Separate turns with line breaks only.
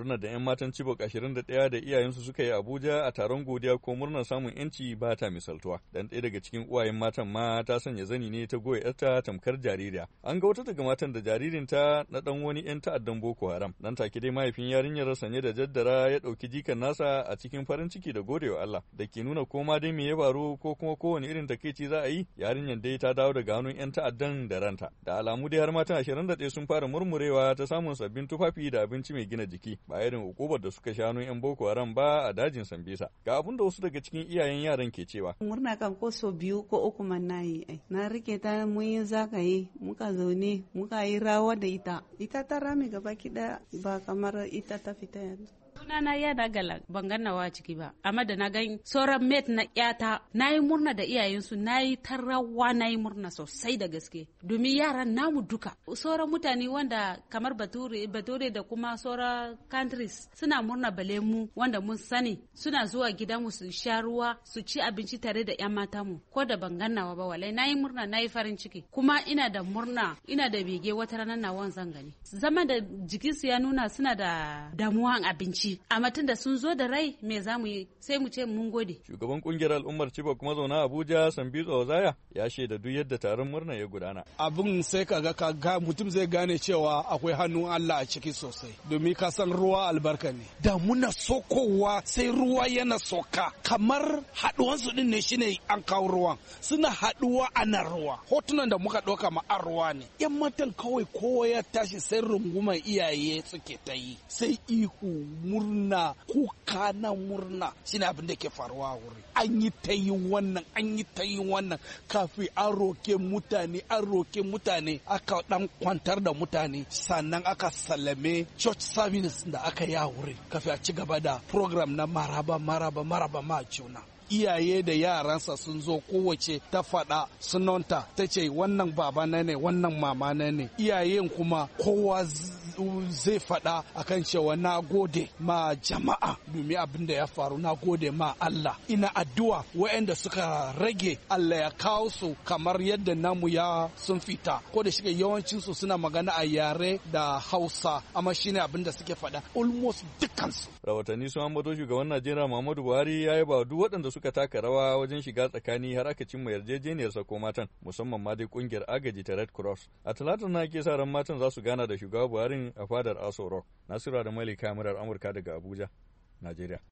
murnar da 'yan matan Chibok 21 da iyayensu suka yi Abuja a taron godiya ko murnar samun 'yanci ba ta misaltuwa. Dan ɗaya daga cikin uwayen matan ma ta sanya zani ne ta goya 'yarta tamkar jaririya. An ga wata daga matan da jaririnta na ɗan wani 'yan ta'addan Boko Haram. Dan take dai mahaifin yarinyar sanye da jaddara ya ɗauki jikan nasa a cikin farin ciki da godewa Allah da ke nuna ko ma dai me ya faru ko kuma kowane irin takeici za a yi yarinyar dai ta dawo daga hannun 'yan ta'addan da ranta. Da alamu dai har matan 21 sun fara murmurewa ta samun sabbin tufafi da abinci mai gina jiki ba irin hukumar da suka shanu 'yan Boko Haram ba a dajin Sambisa. Ga abin da wasu daga cikin iyayen yaran ke cewa.
Murna kan ko so biyu ko uku man na yi Na rike ta mun yi zagaye muka zaune muka yi rawa da ita. Ita ta rame gaba kiɗa ba kamar ita ta fita yanzu. sunana yana gala ban nawa ciki ba amma da na gan sauran mate na yata na yi murna da iyayensu na yi tarrawa na yi murna sosai da gaske domin yaran namu duka sauran mutane wanda kamar bature bature da kuma sauran countries suna murna bale wanda mun sani suna zuwa gidanmu su sha ruwa su ci abinci tare da yan mata mu ko da ban ganna ba wallahi na yi murna na yi farin ciki kuma ina da murna ina da bege wata ranar na zan gani zama da jikinsu ya nuna suna da damuwan abinci a amma da sun zo da rai me za mu yi sai mu ce mun gode
shugaban kungiyar al'ummar Chibok kuma zauna Abuja Sambizo zaya ya shaida duk yadda taron murna ya gudana
abin sai kaga ka mutum zai gane cewa akwai hannun Allah a ciki sosai domin ka san ruwa albarka ne da muna sokowa sai ruwa yana soka kamar haduwan su din ne shine an kawo ruwan suna haduwa ana ruwa hotunan da muka ɗauka ma an ruwa ne yan matan kawai kowa ya tashi sai runguma iyaye suke ta yi sai ihu mu. murna kuka na murna shine abin da ke faruwa a wuri an yi ta yi wannan an yi ta yi wannan kafin an roke mutane an roke mutane aka dan kwantar da mutane sannan aka sallame church service da aka yi a wuri kafin a ci gaba da program na maraba maraba maraba ma juna iyaye da yaransa sun zo kowace ta faɗa sunanta ta ce wannan baba ne wannan mama na ne iyayen kuma kowa zai faɗa kan cewa na gode ma jama'a domin abin da ya faru na gode ma Allah ina addu'a waɗanda suka rage Allah ya kawo su kamar yadda namu ya sun fita ko da shiga yawancinsu suna magana a yare da Hausa amma shine abin da suke faɗa almost
dukkansu rawatanni sun ambato shugaban Najeriya Muhammadu Buhari ya ba duk waɗanda suka taka rawa wajen shiga tsakani har aka cimma yarjejeniyar sako matan musamman ma dai kungiyar agaji ta Red Cross a talata na ke sa ran matan za su gana da shugaba Buhari a fadar Aso Rock. Nasiru da Malika murar Amurka daga Abuja, Najeriya.